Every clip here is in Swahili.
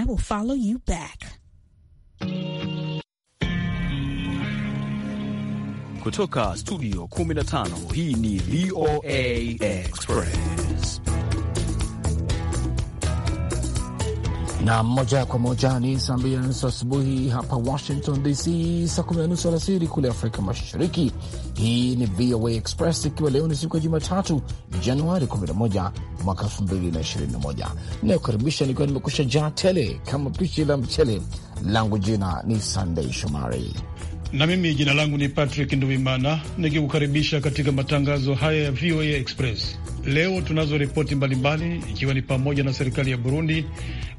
I will follow you back. Kutoka studio 15 hii ni VOA Express. na moja kwa moja ni saa mbili na nusu asubuhi hapa Washington DC, saa kumi na nusu alasiri kule Afrika Mashariki. Hii ni VOA Express, ikiwa leo ni siku ya Jumatatu, Januari 11 mwaka 2021. Inayokaribisha nikiwa nimekusha jaa tele kama pishi la mchele langu. Jina ni Sandei Shomari na mimi jina langu ni Patrick nduimana nikikukaribisha katika matangazo haya ya VOA Express. Leo tunazo ripoti mbalimbali, ikiwa ni pamoja na serikali ya Burundi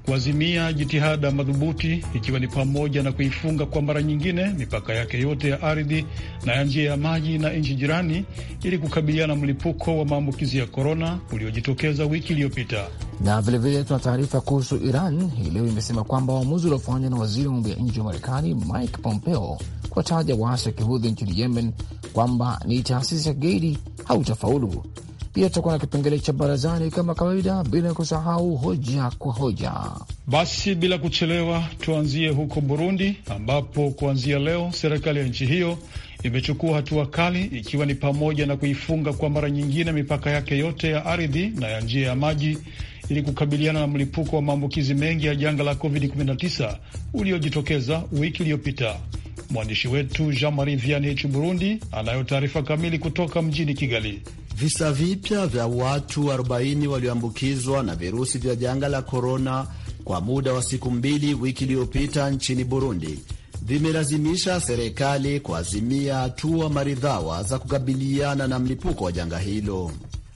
kuazimia jitihada madhubuti, ikiwa ni pamoja na kuifunga kwa mara nyingine mipaka yake yote ya ardhi na ya njia ya maji na nchi jirani, ili kukabiliana mlipuko wa maambukizi ya korona uliojitokeza wiki iliyopita. Na vilevile tuna taarifa kuhusu Iran hii leo imesema kwamba uamuzi uliofanywa na waziri wa mambo ya nje wa Marekani Mike Pompeo kuwataja waasi wa kihudhi nchini Yemen kwamba ni taasisi ya kigaidi hautafaulu pia tutakuwa na kipengele cha barazani kama kawaida, bila ya kusahau hoja kwa hoja. Basi bila kuchelewa, tuanzie huko Burundi, ambapo kuanzia leo serikali ya nchi hiyo imechukua hatua kali, ikiwa ni pamoja na kuifunga kwa mara nyingine mipaka yake yote ya ardhi na ya njia ya maji ili kukabiliana na mlipuko wa maambukizi mengi ya janga la COVID-19 uliojitokeza wiki iliyopita. Mwandishi wetu Jean Marie Vianney Burundi anayo taarifa kamili kutoka mjini Kigali. Visa vipya vya watu 40 walioambukizwa na virusi vya janga la korona kwa muda wa siku mbili wiki iliyopita nchini Burundi vimelazimisha serikali kuazimia hatua maridhawa za kukabiliana na mlipuko wa janga hilo.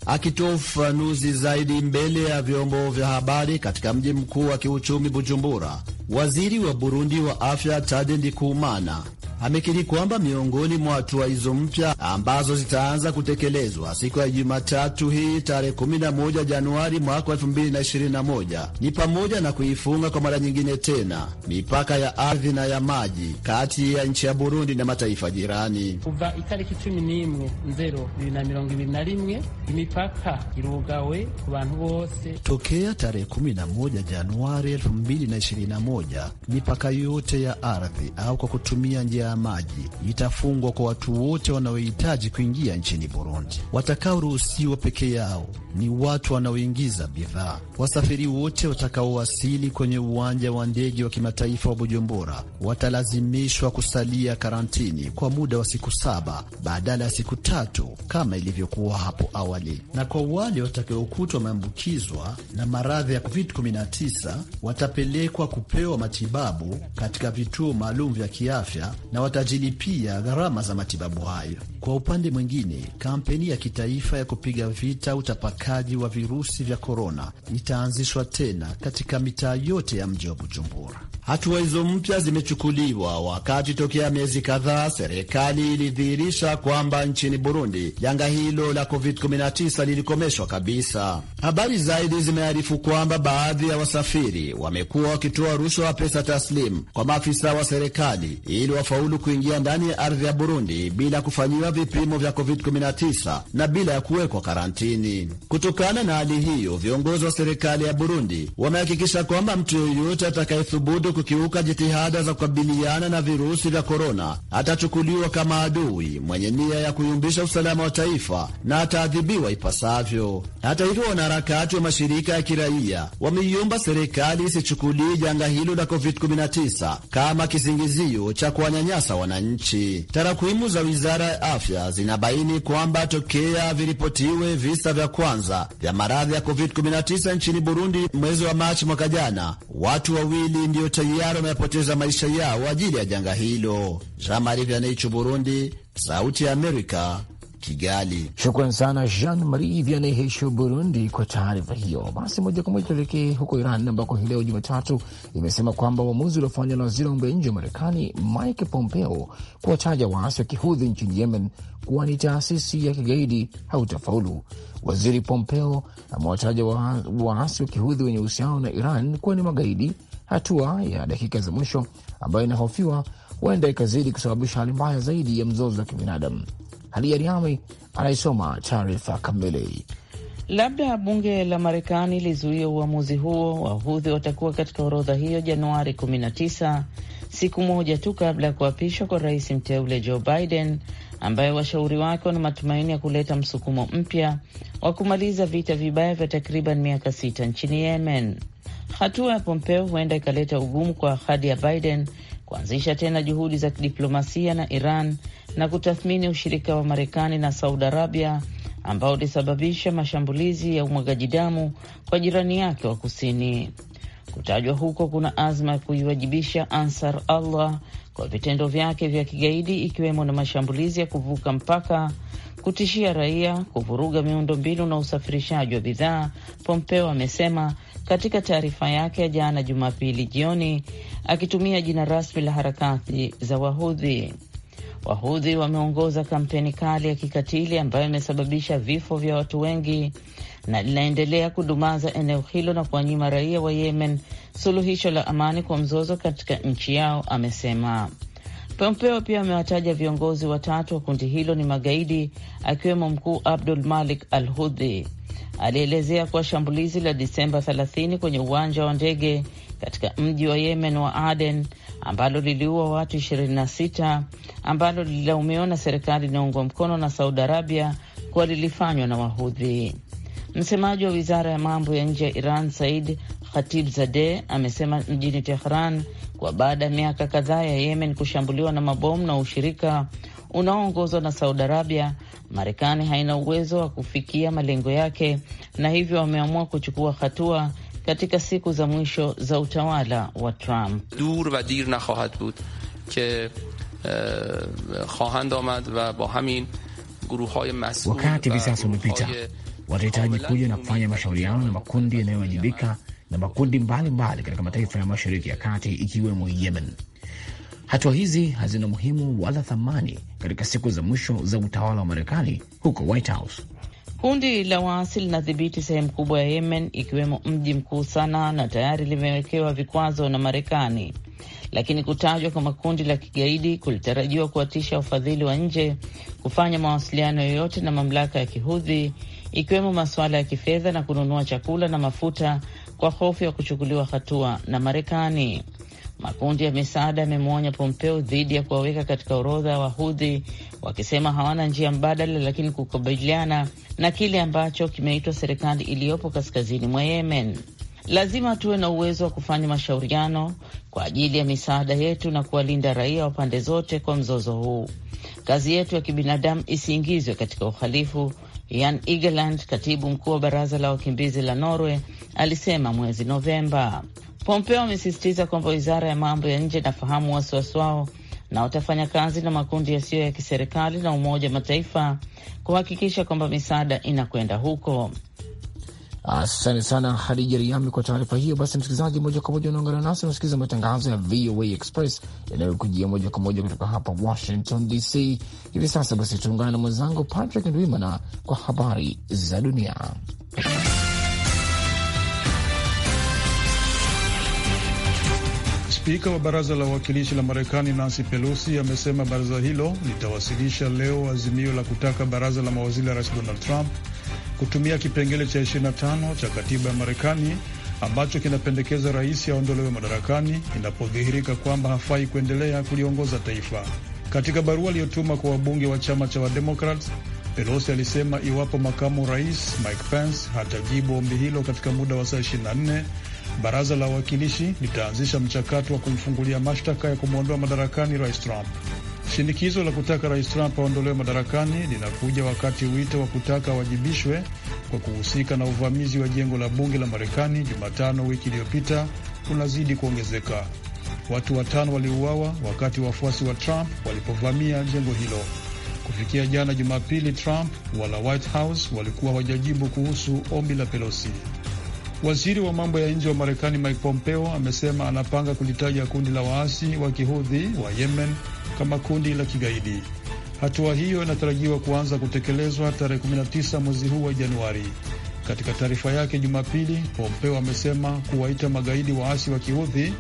Akitoa ufafanuzi zaidi mbele ya vyombo vya habari katika mji mkuu wa kiuchumi Bujumbura, waziri wa Burundi wa afya Tade Ndikumana amekiri kwamba miongoni mwa hatua hizo mpya ambazo zitaanza kutekelezwa siku ya Jumatatu hii tarehe 11 Januari mwaka 2021 ni pamoja na kuifunga kwa mara nyingine tena mipaka ya ardhi na ya maji kati ya nchi ya Burundi na mataifa jirani. Kuva itariki cumi n'imwe nzero bibiri na mirongo ibiri na rimwe imipaka irugawe ku bantu bose. Tokea tarehe 11 Januari 2021 mipaka yote ya ardhi au kwa kutumia njia maji itafungwa kwa watu wote wanaohitaji kuingia nchini Burundi. Watakaoruhusiwa peke yao ni watu wanaoingiza bidhaa. Wasafiri wote watakaowasili kwenye uwanja wa ndege wa kimataifa wa Bujumbura watalazimishwa kusalia karantini kwa muda wa siku saba badala ya siku tatu kama ilivyokuwa hapo awali, na kwa wale watakaokutwa wameambukizwa na maradhi ya COVID-19 watapelekwa kupewa matibabu katika vituo maalum vya kiafya na watajilipia gharama za matibabu hayo. Kwa upande mwingine, kampeni ya kitaifa ya kupiga vita utapakaji wa virusi vya korona itaanzishwa tena katika mitaa yote ya mji wa Bujumbura. Hatua hizo mpya zimechukuliwa wakati tokea miezi kadhaa serikali ilidhihirisha kwamba nchini Burundi janga hilo la COVID-19 lilikomeshwa kabisa. Habari zaidi zimearifu kwamba baadhi ya wasafiri wamekuwa wakitoa rushwa ya pesa taslimu kwa maafisa wa serikali ili wafaulu kufaulu kuingia ndani ya ardhi ya Burundi bila kufanyiwa vipimo vya COVID-19 na bila ya kuwekwa karantini. Kutokana na hali hiyo, viongozi wa serikali ya Burundi wamehakikisha kwamba mtu yoyote atakayethubutu kukiuka jitihada za kukabiliana na virusi vya korona atachukuliwa kama adui mwenye nia ya kuyumbisha usalama wa taifa na ataadhibiwa ipasavyo. Hata hivyo, wanaharakati wa mashirika ya kiraia wameiomba serikali isichukulie janga hilo la COVID-19 kama kisingizio cha kuwanyanya wanasiasa wananchi. Tarakwimu za wizara ya afya zinabaini kwamba tokea viripotiwe visa vya kwanza vya maradhi ya covid-19 nchini Burundi mwezi wa Machi mwaka jana, watu wawili ndiyo tayari wamepoteza maisha yao ajili ya janga hilo. Burundi, Sauti ya Amerika, Kigali. Shukran sana Jean Marie Vianney Hesho, Burundi, kwa taarifa hiyo. Basi moja kwa moja tuelekee huko Iran, ambako hii leo Jumatatu imesema kwamba uamuzi uliofanywa na waziri wa mambo ya nje wa Marekani Mike Pompeo kuwataja waasi wa kihudhi nchini Yemen kuwa ni taasisi ya kigaidi hautafaulu. Waziri Pompeo amewataja waasi wa kihudhi wenye uhusiano na Iran kuwa ni magaidi, hatua ya dakika za mwisho ambayo inahofiwa huenda ikazidi kusababisha hali mbaya zaidi ya mzozo wa kibinadamu. Hadi Ariami anayesoma taarifa kamili. Labda bunge la Marekani lizuia uamuzi huo, wahudhi watakuwa katika orodha hiyo Januari 19, siku moja tu kabla ya kuapishwa kwa rais mteule Joe Biden, ambaye washauri wake wana matumaini ya kuleta msukumo mpya wa kumaliza vita vibaya vya takriban miaka sita nchini Yemen. Hatua ya Pompeo huenda ikaleta ugumu kwa ahadi ya Biden kuanzisha tena juhudi za kidiplomasia na Iran na kutathmini ushirika wa Marekani na Saudi Arabia ambao ulisababisha mashambulizi ya umwagaji damu kwa jirani yake wa kusini. Kutajwa huko kuna azma ya kuiwajibisha Ansar Allah kwa vitendo vyake vya kigaidi, ikiwemo na mashambulizi ya kuvuka mpaka, kutishia raia, kuvuruga miundombinu na usafirishaji wa bidhaa, Pompeo amesema katika taarifa yake ya jana Jumapili jioni akitumia jina rasmi la harakati za Wahudhi. Wahudhi wameongoza kampeni kali ya kikatili ambayo imesababisha vifo vya watu wengi na linaendelea kudumaza eneo hilo na kuwanyima raia wa Yemen suluhisho la amani kwa mzozo katika nchi yao, amesema. Pompeo pia amewataja viongozi watatu wa kundi hilo ni magaidi, akiwemo mkuu Abdul Malik al Hudhi alielezea kuwa shambulizi la Disemba 30 kwenye uwanja wa ndege katika mji wa Yemen wa Aden ambalo liliua watu 26 ambalo lililaumiwa na serikali inaungwa mkono na Saudi Arabia kuwa lilifanywa na Wahudhi. Msemaji wa wizara ya mambo ya nje ya Iran Said Khatib zade amesema mjini Tehran kuwa baada ya miaka kadhaa ya Yemen kushambuliwa na mabomu na ushirika unaoongozwa na Saudi Arabia, Marekani haina uwezo wa kufikia malengo yake, na hivyo wameamua kuchukua hatua katika siku za mwisho za utawala wa Trump. dur va dir nakhahad bud ke khahand amad va ba hamin mas'ul. Wakati hivi sasa umepita, watahitaji kuja na kufanya mashauriano na makundi yanayowajibika na makundi mbalimbali katika mataifa ya Mashariki ya Kati ikiwemo Yemen. Hatua hizi hazina umuhimu wala thamani katika siku za mwisho za utawala wa Marekani huko White House. Kundi la waasi linadhibiti sehemu kubwa ya Yemen, ikiwemo mji mkuu sana na tayari limewekewa vikwazo na Marekani, lakini kutajwa kwa makundi la kigaidi kulitarajiwa kuwatisha ufadhili wa nje kufanya mawasiliano yoyote na mamlaka ya Kihudhi, ikiwemo masuala ya kifedha na kununua chakula na mafuta, kwa hofu ya kuchukuliwa hatua na Marekani. Makundi ya misaada yamemwonya Pompeo dhidi ya kuwaweka katika orodha ya Wahudhi, wakisema hawana njia mbadala, lakini kukabiliana na kile ambacho kimeitwa serikali iliyopo kaskazini mwa Yemen. Lazima tuwe na uwezo wa kufanya mashauriano kwa ajili ya misaada yetu na kuwalinda raia wa pande zote kwa mzozo huu. Kazi yetu ya kibinadamu isiingizwe katika uhalifu, Jan Egeland, katibu mkuu wa baraza la wakimbizi la Norway, alisema mwezi Novemba. Pompeo amesisitiza kwamba wizara ya mambo ya nje inafahamu wasiwasi wao na watafanya kazi na makundi yasiyo ya kiserikali na Umoja wa Mataifa kuhakikisha kwamba misaada inakwenda huko. Asante sana Hadija Riami kwa taarifa hiyo. Basi msikilizaji, moja kwa moja unaungana nasi unasikiliza matangazo ya VOA Express yanayokujia moja kwa moja kutoka hapa Washington DC hivi sasa. Basi tuungane na mwenzangu Patrick Ndwimana kwa habari za dunia. Spika wa baraza la wawakilishi la Marekani Nancy Pelosi amesema baraza hilo litawasilisha leo azimio la kutaka baraza la mawaziri la rais Donald Trump kutumia kipengele cha 25 cha katiba ya Marekani ambacho kinapendekeza rais aondolewe madarakani inapodhihirika kwamba hafai kuendelea kuliongoza taifa. Katika barua aliyotuma kwa wabunge wa chama cha Wademokrat, Pelosi alisema iwapo makamu rais Mike Pence hatajibu ombi hilo katika muda wa saa 24 Baraza la Wawakilishi litaanzisha mchakato wa kumfungulia mashtaka ya kumwondoa madarakani rais Trump. Shinikizo la kutaka rais Trump aondolewe madarakani linakuja wakati wito wa kutaka awajibishwe kwa kuhusika na uvamizi wa jengo la bunge la Marekani Jumatano wiki iliyopita unazidi kuongezeka. Watu watano waliuawa wakati wafuasi wa Trump walipovamia jengo hilo. Kufikia jana Jumapili, Trump wala White House walikuwa hawajajibu kuhusu ombi la Pelosi. Waziri wa mambo ya nje wa Marekani Mike Pompeo amesema anapanga kulitaja kundi la waasi wa kihudhi wa Yemen kama kundi la kigaidi. Hatua hiyo inatarajiwa kuanza kutekelezwa tarehe 19 mwezi huu wa Januari. Katika taarifa yake Jumapili, Pompeo amesema kuwaita magaidi waasi wa kihudhi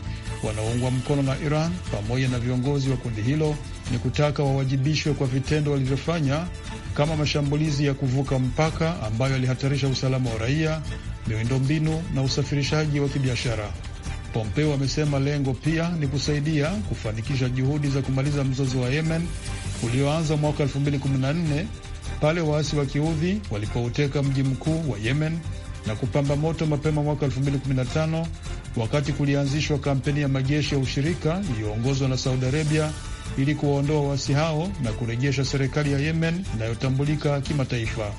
wanaoungwa mkono na Iran pamoja na viongozi wa kundi hilo ni kutaka wawajibishwe kwa vitendo walivyofanya kama mashambulizi ya kuvuka mpaka ambayo yalihatarisha usalama wa raia, miundombinu na usafirishaji wa kibiashara. Pompeo amesema lengo pia ni kusaidia kufanikisha juhudi za kumaliza mzozo wa Yemen ulioanza mwaka 2014 pale waasi wa kiudhi walipouteka mji mkuu wa Yemen na kupamba moto mapema mwaka 2015 wakati kulianzishwa kampeni ya majeshi ya ushirika iliyoongozwa na Saudi Arabia ili kuwaondoa waasi hao na kurejesha serikali ya Yemen inayotambulika kimataifa.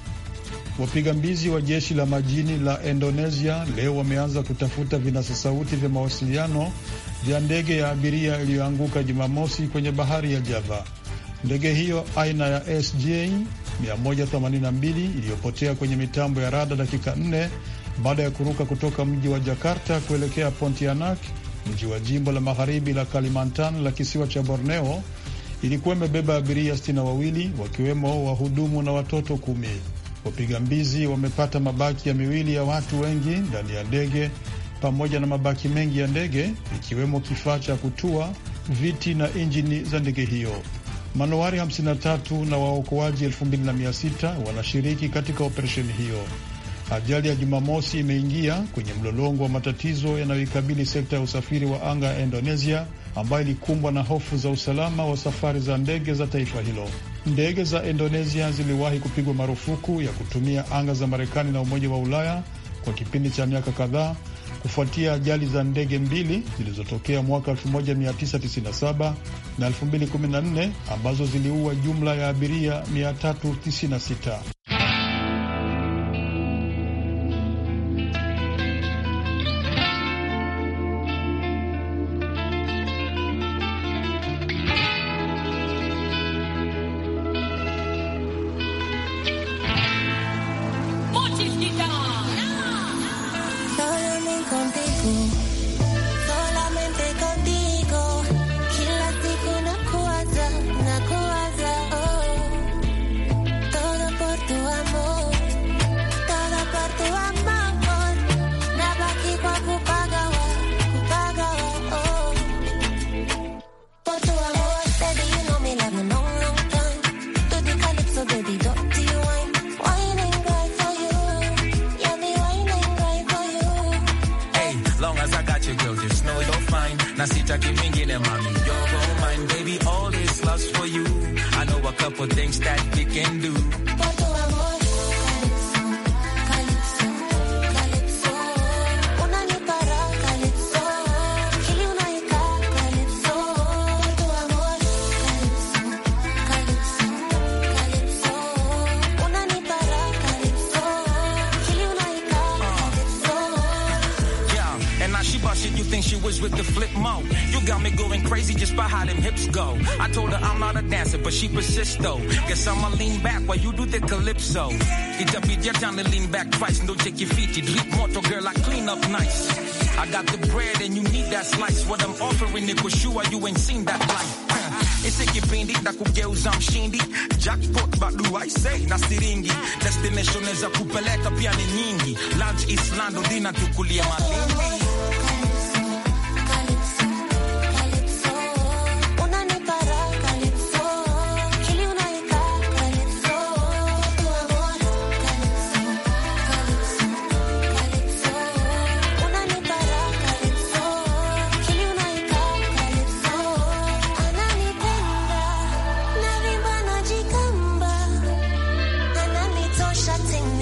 Wapiga mbizi wa jeshi la majini la Indonesia leo wameanza kutafuta vinasa sauti vya mawasiliano vya ndege ya abiria iliyoanguka Jumamosi kwenye bahari ya Java. Ndege hiyo aina ya SJ 182 iliyopotea kwenye mitambo ya rada dakika 4 baada ya kuruka kutoka mji wa Jakarta kuelekea Pontianak mji wa jimbo la magharibi la Kalimantan la kisiwa cha Borneo, ilikuwa imebeba abiria sitini na wawili wakiwemo wahudumu na watoto kumi. Wapiga mbizi wamepata mabaki ya miwili ya watu wengi ndani ya ndege pamoja na mabaki mengi ya ndege ikiwemo kifaa cha kutua, viti na injini za ndege hiyo. Manowari 53 na waokoaji 2600 wanashiriki katika operesheni hiyo. Ajali ya Jumamosi imeingia kwenye mlolongo wa matatizo yanayoikabili sekta ya usafiri wa anga ya Indonesia ambayo ilikumbwa na hofu za usalama wa safari za ndege za taifa hilo. Ndege za Indonesia ziliwahi kupigwa marufuku ya kutumia anga za Marekani na Umoja wa Ulaya kwa kipindi cha miaka kadhaa kufuatia ajali za ndege mbili zilizotokea mwaka 1997 na 2014 ambazo ziliua jumla ya abiria 396. You think she was with the flip mo? You got me going crazy just by how them hips go. I told her I'm not a dancer, but she persists though. Guess I'ma lean back while you do the calypso. It's a bit your time to lean back twice. No check your feet, you drip mortal girl. I clean up nice. I got the bread and you need that slice. What I'm offering, it was sure you ain't seen that life. Esse that prende da kugeuza mshindi jackpot but do say? na siringi destination is a kupeleka pia ni nyingi lunch is lando dina tukulia malindi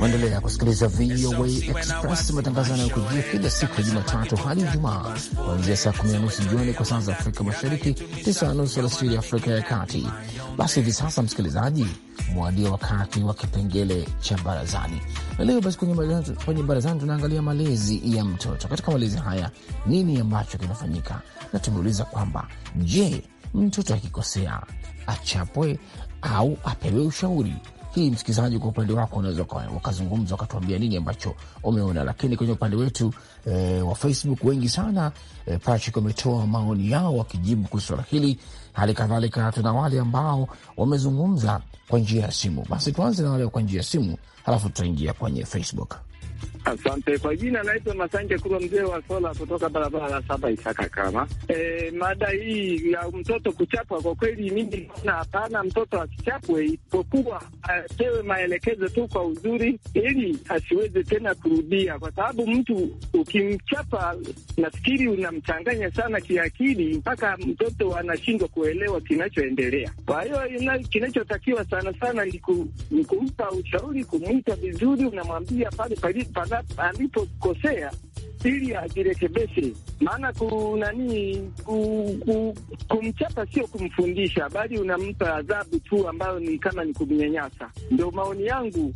Maendelea kusikiliza VOA Express, matangazo yanayokujia kila siku ya Jumatatu hadi Ijumaa, kuanzia saa kumi na nusu jioni kwa saa za Afrika Mashariki, tisa na nusu alasiri Afrika ya Kati. Basi hivi sasa, msikilizaji, mwadia wakati wa kipengele cha barazani na leo. Basi kwenye barazani tunaangalia malezi ya mtoto. Katika malezi haya, nini ambacho kinafanyika? Na tumeuliza kwamba je, mtoto akikosea achapwe au apewe ushauri. Hii msikilizaji, kwa upande wako unaweza wakazungumza wakatuambia nini ambacho umeona, lakini kwenye upande wetu e, wa Facebook wengi sana e, Patrick wametoa maoni yao wakijibu kuhusu swala hili. Hali kadhalika tuna wale ambao wamezungumza kwa njia ya simu. Basi tuanze na wale kwa njia ya simu, halafu tutaingia kwenye Facebook. Asante kwa jina, naitwa Masanja Kurwa, mzee wa sola kutoka barabara la saba Isaka. Kama e, mada hii ya mtoto kuchapwa, kwa kweli mimi naona hapana, mtoto asichapwe, isipokuwa apewe maelekezo tu kwa uzuri, ili asiweze tena kurudia, kwa sababu mtu ukimchapa, nafikiri unamchanganya sana kiakili, mpaka mtoto anashindwa kuelewa kinachoendelea. Kwa hiyo kinachotakiwa sana sana ni kumpa ushauri, kumwita vizuri, unamwambia pale palipo alipokosea ili ajirekebeshe. Maana kunani ku, ku, kumchapa sio kumfundisha, bali unampa adhabu tu ambayo ni kama ni kumnyanyasa. Ndio maoni yangu.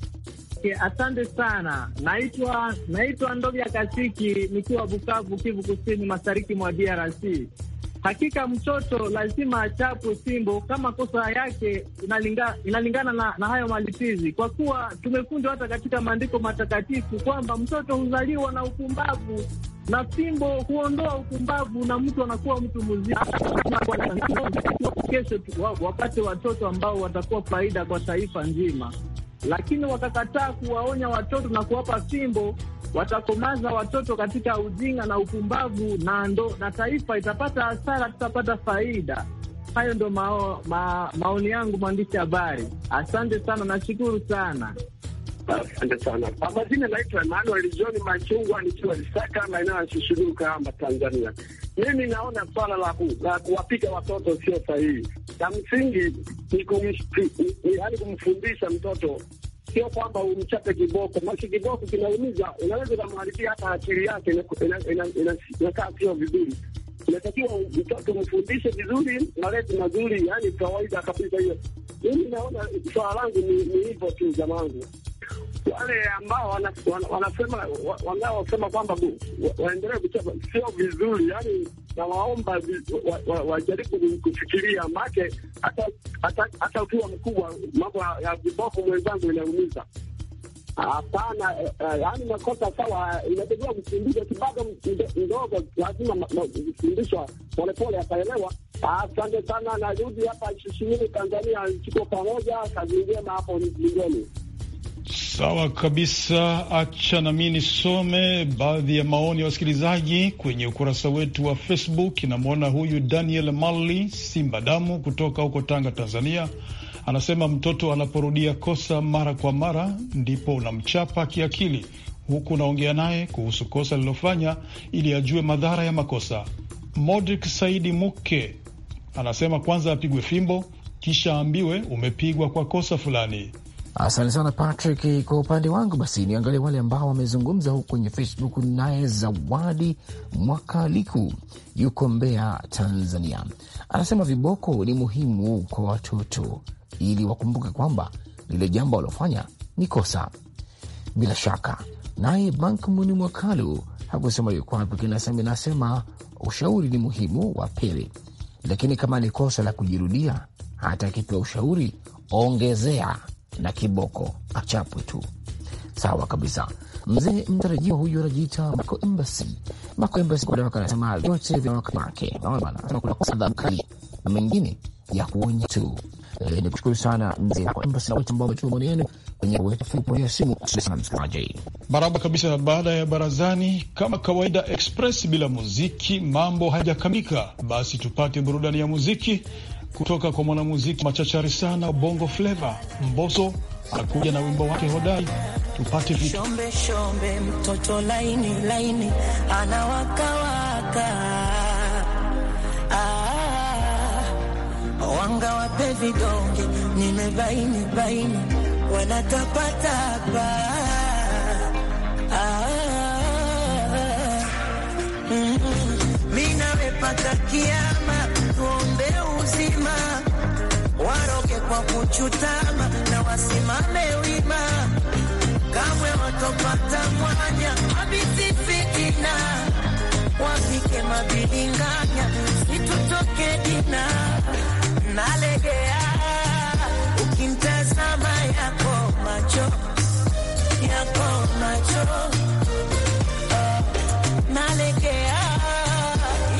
Asante sana. Naitwa naitwa Ndovya Kasiki nikiwa Bukavu, Kivu Kusini, mashariki mwa DRC. Hakika mtoto lazima achapwe fimbo kama kosa yake inalinga, inalingana na, na hayo malipizi, kwa kuwa tumekunjwa hata katika maandiko matakatifu kwamba mtoto huzaliwa na upumbavu na fimbo huondoa upumbavu na mtu anakuwa mtu mzima. Kesho wapate watoto ambao watakuwa faida kwa taifa nzima lakini wakakataa kuwaonya watoto na kuwapa fimbo, watakomaza watoto katika ujinga na upumbavu, na ndo na taifa itapata hasara, tutapata faida. Hayo ndo mao, ma, maoni yangu mwandishi habari. Asante sana, nashukuru sana. Asante sana kwa majina, naitwa Emanuel John Machungwa, nikiwa Isaka, maeneo ya Shushuru, Kahama, Tanzania. Mimi naona swala la kuwapiga watoto sio sahihi. La msingi ni yaani, kumfundisha mtoto, sio kwamba umchape kiboko, maana kiboko kinaumiza, unaweza ukamharibia hata akili yake, inakaa sio vizuri. Inatakiwa mtoto umfundishe vizuri, malezi mazuri, yaani kawaida kabisa hiyo. Mimi naona swala langu ni hivyo tu, jamangu wale ambao wanasema wanaosema kwamba waendelee kucheza sio vizuri, yani nawaomba wajaribu kufikiria, make hata ukiwa mkubwa, mambo ya viboko mwenzangu inaumiza. Hapana, eh, eh, yaani makosa sawa, inatakiwa kufundishwa. Bado mdogo, lazima kufundishwa polepole, ataelewa. Asante sana, narudi hapa Shishimini, Tanzania. Tuko pamoja, kazi njema hapo Mjingoni. Sawa kabisa, acha nami nisome baadhi ya maoni ya wasikilizaji kwenye ukurasa wetu wa Facebook. inamwona huyu Daniel malli Simba Damu kutoka huko Tanga, Tanzania, anasema mtoto anaporudia kosa mara kwa mara ndipo unamchapa kiakili, huku unaongea naye kuhusu kosa lilofanya ili ajue madhara ya makosa. Modrik Saidi Muke anasema kwanza apigwe fimbo, kisha aambiwe umepigwa kwa kosa fulani. Asante sana Patrick. Kwa upande wangu basi, niangalie wale ambao wamezungumza huku kwenye Facebook. Naye Zawadi Mwakaliku yuko Mbeya, Tanzania, anasema viboko ni muhimu kwa watoto ili wakumbuke kwamba lile jambo walofanya ni kosa. Bila shaka, naye Bank Muni Mwakalu hakusema yuko wapi, lakini nasema ushauri ni muhimu wa pili, lakini kama ni kosa la kujirudia, hata akipewa ushauri ongezea na kiboko achapwe tu. Sawa kabisa. Mzee mtarajiwa huyu anajiita Mako Embassy. Marco Embassy anasema vyote vya wakati wake, kuna sadha mkali na mengine ya kuonya tu. Eh, ni kushukuru sana mzee Mako Embassy na wote ambao wametuma maoni yenu kwenye ya simu. Baraba kabisa. Baada ya barazani, kama kawaida, Express bila muziki mambo hajakamika. Basi tupate burudani ya muziki kutoka kwa mwanamuziki machachari sana Bongo Fleva Mboso anakuja na wimbo wake hodari tupate vitu shombe shombe, mtoto laini laini anawakawaka ah, wanga wape vidonge nimebaini baini wanatapatapa ah, mm, mm, mm. minawepata kiama kuchutama na wasimame wima, kamwe watopata mwanya abisifikina, wapike mabilinganya, situtoke dina nalegea. Ukimtazama yako macho yako macho uh, nalegea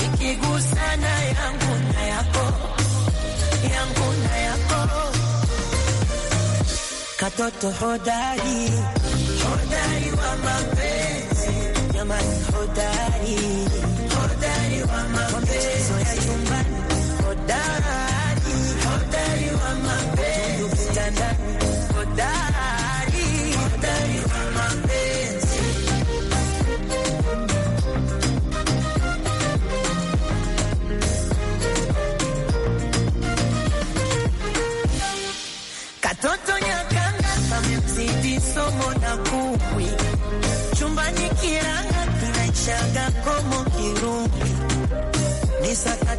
ikigusana yangu katoto hodari hodari wa mapenzi jamani, hodari hodari wa mapenzi ya chumbani, hodari hodari wa mapenzi hodari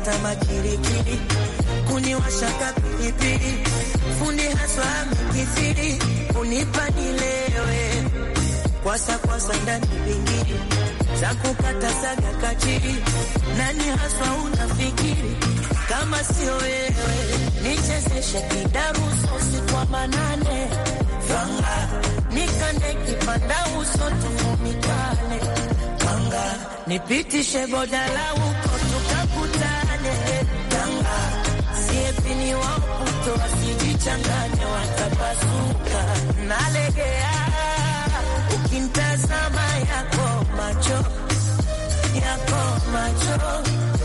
kama kirikiri, kuniwasha kapilipili, fundi haswa amekithiri, kunipa nilewe kwasa kwasa ndani vingiri za kukata saga kachiri, nani haswa unafikiri kama sio wewe? Nichezeshe kidaruso si kwa manane fanga, nikande kipanda uso tumumitane fanga, nipitishe ukoto watoto wasijichanganye, watapasuka. Nalegea ukintazama yako macho, yako macho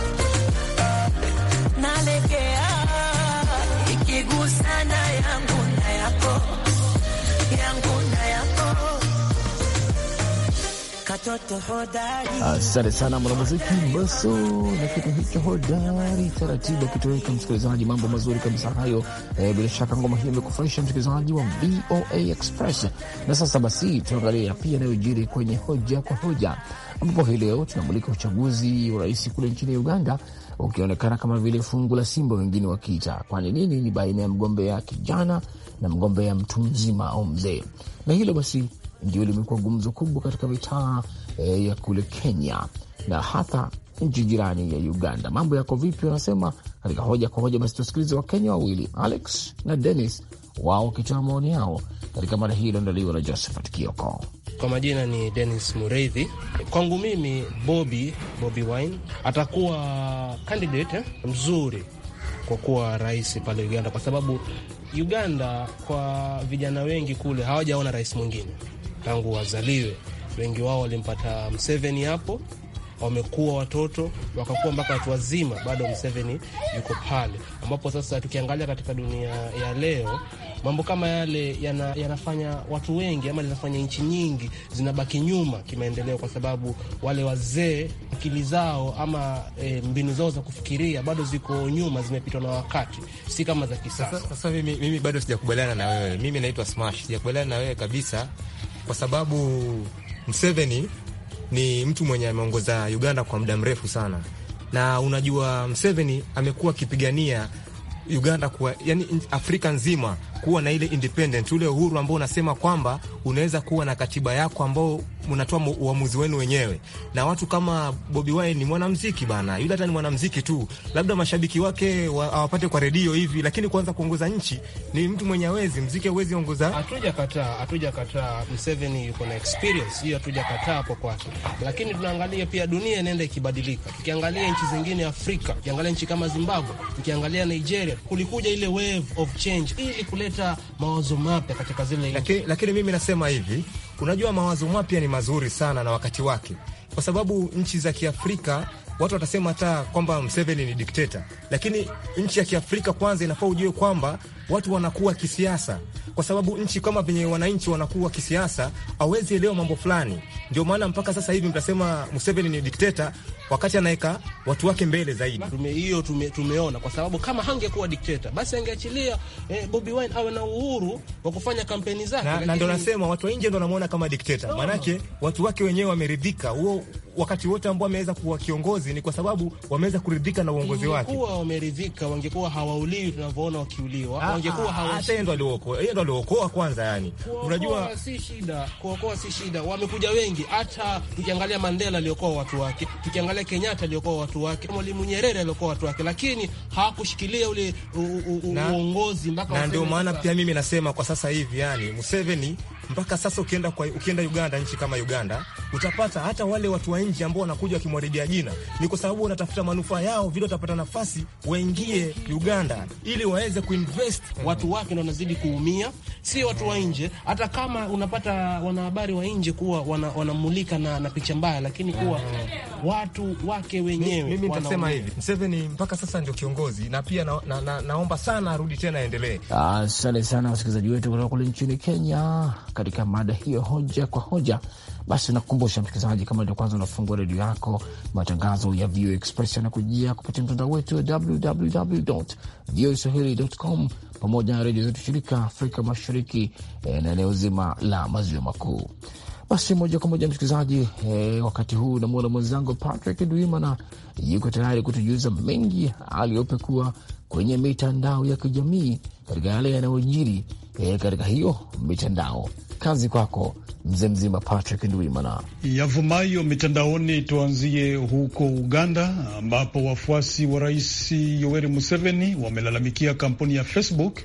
Asante sana mwanamuziki Mbaso na kitu hicho hodari taratibu akitoweka. Msikilizaji, mambo mazuri kabisa hayo. E, bila shaka ngoma hiyo imekufurahisha msikilizaji wa VOA Express. Na sasa basi tuangalia pia inayojiri kwenye hoja kwa hoja, ambapo hii leo tunamulika uchaguzi wa rais kule nchini Uganda ukionekana kama vile fungu la simba, wengine wakiita, kwani nini, ni baina ya mgombea kijana na mgombea mtu mzima au mzee, na hilo basi ndio limekuwa gumzo kubwa katika mitaa e, ya kule Kenya na hata nchi jirani ya Uganda. Mambo yako vipi? Wanasema katika hoja kwa hoja. Basi tusikilize Wakenya wawili Alex na Dennis, wao wakitoa maoni yao katika mada hii iliyoandaliwa na Josephat Kioko. Kwa majina ni Dennis Mureithi. Kwangu mimi Bobi Bobi Wine atakuwa kandidate eh, mzuri kwa kuwa rais pale Uganda, kwa sababu Uganda kwa vijana wengi kule hawajaona rais mwingine tangu wazaliwe. Wengi wao walimpata Mseveni hapo, wamekuwa watoto wakakuwa mpaka watu wazima, bado Mseveni yuko pale, ambapo sasa tukiangalia katika dunia ya leo mambo kama yale yana, yanafanya watu wengi ama linafanya nchi nyingi zinabaki nyuma kimaendeleo, kwa sababu wale wazee akili zao ama e, mbinu zao za kufikiria bado ziko nyuma, zimepitwa na wakati, si kama za kisasa. Sasa mimi, mimi bado sijakubaliana na wewe. Mimi naitwa Smash, sijakubaliana na wewe kabisa kwa sababu Mseveni ni mtu mwenye ameongoza Uganda kwa muda mrefu sana, na unajua Mseveni amekuwa akipigania Uganda kuwa, yani Afrika nzima kuwa na ile independent, ule uhuru ambao unasema kwamba unaweza kuwa na katiba yako ambao mnatoa uamuzi wenu wenyewe. Na watu kama Bobi Wine ni mwanamuziki bana, yule hata ni mwanamuziki tu, labda mashabiki wake awapate wa, kwa redio hivi, lakini kwanza kuongoza nchi ni mtu mwenye awezi muziki, awezi ongoza. Hatuja kataa, hatuja kataa, Museveni yuko na experience hiyo, hatuja kataa hapo kwake, lakini tunaangalia pia dunia inaenda ikibadilika. Tukiangalia nchi zingine Afrika, tukiangalia nchi kama Zimbabwe, tukiangalia Nigeria, kulikuja ile wave of change ili kuleta mawazo mapya katika zile lakini, lakini mimi nasema hivi Unajua, mawazo mapya ni mazuri sana na wakati wake, kwa sababu nchi za Kiafrika watu watasema hata kwamba Mseveni ni dikteta, lakini nchi ya Kiafrika kwanza inafaa ujue kwamba watu wanakuwa kisiasa, kwa sababu nchi kama venye wananchi wanakuwa kisiasa, awezi elewa mambo fulani. Ndio maana mpaka sasa hivi mtasema Museveni ni dikteta wakati anaweka watu wake mbele zaidi. Hiyo tume, tumeona kwa sababu kama hangekuwa dikteta basi angeachilia eh, Bobi Wine awe na uhuru wa kufanya kampeni zake, na, na ndo nasema watu wa nje wanamuona kama dikteta no. Maanake watu wake wenyewe wameridhika huo wakati wote ambao ameweza kuwa kiongozi ni kwa sababu wameweza kuridhika na uongozi wake. Wangekuwa wameridhika, wangekuwa hawauliwi tunavyoona wakiuliwa wangekuwa ah, ah, hawatendo ndo aliokoa yeye ndo aliokoa kwanza. Yani unajua si shida kuokoa, si shida. Wamekuja wengi, hata tukiangalia Mandela aliokoa watu wake, tukiangalia Kenyatta aliokoa watu wake, Mwalimu Nyerere aliokoa watu wake, lakini hawakushikilia ule uongozi mpaka. Na ndio maana pia mimi nasema kwa sasa hivi yani Museveni mpaka sasa ukienda, kwa, ukienda Uganda, nchi kama Uganda utapata hata wale watu wa nje ambao wanakuja wakimwaribia jina, ni kwa sababu wanatafuta manufaa yao, vile watapata nafasi waingie Uganda ili waweze kuinvest. Watu wake wanazidi kuumia, si watu wa nje. Hata kama unapata wanahabari wa nje kuwa wanamulika wana na, na picha mbaya, lakini kuwa watu wake wenyewe. Mimi nitasema hivi, Mseveni mpaka sasa ndio kiongozi na pia na, na, na, naomba sana arudi tena aendelee. Asante sana wasikilizaji wetu kutoka kule nchini Kenya katika mada hiyo hoja kwa hoja. Basi nakukumbusha msikilizaji, kama ndio kwanza unafungua redio yako, matangazo ya VOA Express yanakujia kupitia mtandao wetu wa www voa swahili.com pamoja na redio zetu shirika Afrika Mashariki eh, na eneo zima la maziwa makuu. Basi moja kwa moja msikilizaji, eh, wakati huu namwona mwenzangu Patrick Duimana yuko tayari kutujuza mengi aliyopekua kwenye mitandao ya kijamii katika yale yanayojiri eh, katika hiyo mitandao Kazi kwako mzee mzima Patrick Ndwimana. Yavumayo mitandaoni, tuanzie huko Uganda ambapo wafuasi wa Rais Yoweri Museveni wamelalamikia kampuni ya Facebook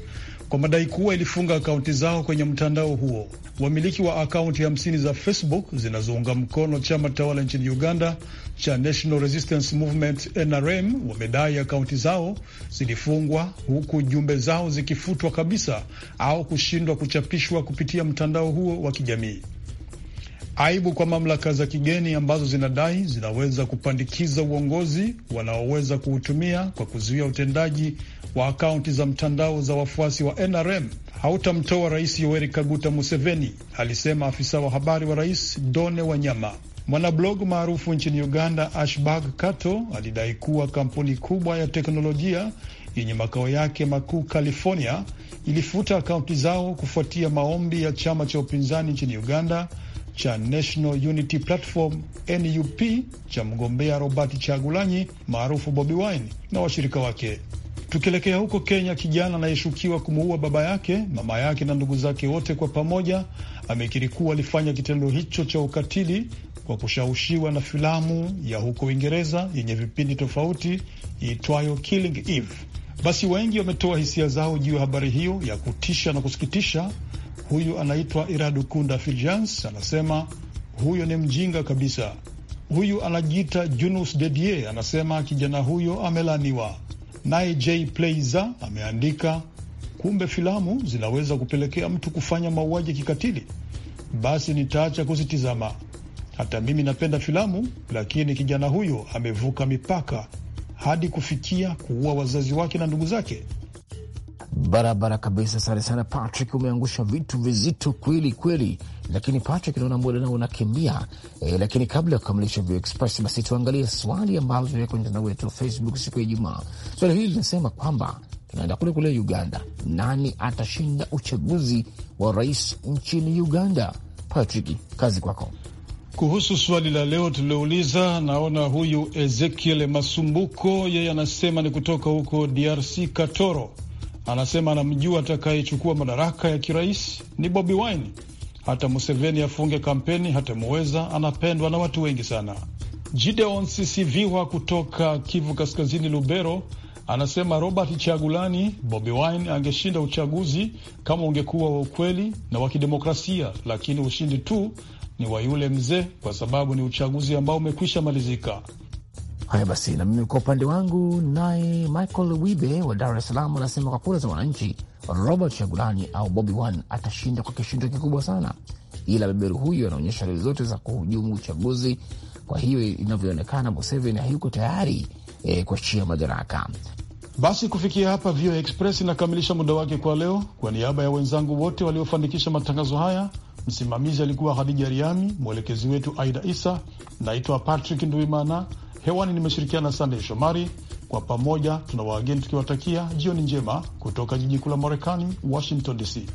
kwa madai kuwa ilifunga akaunti zao kwenye mtandao huo. Wamiliki wa akaunti hamsini za Facebook zinazounga mkono chama tawala nchini Uganda cha National Resistance Movement NRM wamedai akaunti zao zilifungwa huku jumbe zao zikifutwa kabisa au kushindwa kuchapishwa kupitia mtandao huo wa kijamii aibu kwa mamlaka za kigeni ambazo zinadai zinaweza kupandikiza uongozi wanaoweza kuutumia kwa kuzuia utendaji wa akaunti za mtandao za wafuasi wa NRM hautamtoa Rais Yoweri Kaguta Museveni, alisema afisa wa habari wa rais Done Wanyama. Mwanablogu maarufu nchini Uganda Ashbag Kato alidai kuwa kampuni kubwa ya teknolojia yenye makao yake makuu California ilifuta akaunti zao kufuatia maombi ya chama cha upinzani nchini Uganda cha National Unity Platform NUP cha mgombea Robert Chagulanyi maarufu Bobi Wine na washirika wake. Tukielekea huko Kenya, kijana anayeshukiwa kumuua baba yake, mama yake na ndugu zake wote kwa pamoja amekiri kuwa alifanya kitendo hicho cha ukatili kwa kushawishiwa na filamu ya huko Uingereza yenye vipindi tofauti iitwayo Killing Eve. Basi wengi wametoa hisia zao juu ya habari hiyo ya kutisha na kusikitisha Huyu anaitwa Iradukunda Filjans, anasema huyo ni mjinga kabisa. Huyu anajiita Junus Dedie, anasema kijana huyo amelaniwa. Naye J Playza ameandika kumbe filamu zinaweza kupelekea mtu kufanya mauaji kikatili, basi nitaacha kuzitizama. Hata mimi napenda filamu, lakini kijana huyo amevuka mipaka hadi kufikia kuua wazazi wake na ndugu zake Barabara kabisa, asante sana Patrick, umeangusha vitu vizito kweli kweli, lakini Patrick, naona muda nao unakimbia e, lakini kabla ya kukamilisha Vio Express, basi tuangalie swali ambalo tunaweka kwenye mtandao wetu wa Facebook siku ya Ijumaa. Swali hili linasema kwamba tunaenda kule kule Uganda, nani atashinda uchaguzi wa rais nchini Uganda? Patrick, kazi kwako. Kuhusu swali la leo tulilouliza, naona huyu Ezekiel Masumbuko yeye anasema ni kutoka huko DRC, Katoro anasema anamjua atakayechukua madaraka ya kirais ni Bobi Wine. Hata Museveni afunge kampeni hatamuweza, anapendwa na watu wengi sana. Gideon Sisiviwa kutoka Kivu Kaskazini, Lubero, anasema Robert Chagulani, Bobi Wine angeshinda uchaguzi kama ungekuwa wa ukweli na wa kidemokrasia, lakini ushindi tu ni wa yule mzee, kwa sababu ni uchaguzi ambao umekwisha malizika. Haya basi, na mimi kwa upande wangu, naye Michael Wibe wa Dar es Salaam anasema kwa kura za wananchi, Robert Shagulani au Bobi Wine atashinda kwa kishindo kikubwa sana, ila beberu huyu anaonyesha dalili zote za kuhujumu uchaguzi. Kwa hiyo inavyoonekana, Museveni hayuko tayari e, kuachia madaraka. Basi kufikia hapa, VOA Express inakamilisha muda wake kwa leo. Kwa niaba ya wenzangu wote waliofanikisha matangazo haya, msimamizi alikuwa Hadija Riami, mwelekezi wetu Aida Isa. Naitwa Patrick Nduimana. Hewani nimeshirikiana Sandey Shomari. Kwa pamoja tuna waageni tukiwatakia jioni njema kutoka jiji kuu la Marekani, Washington DC.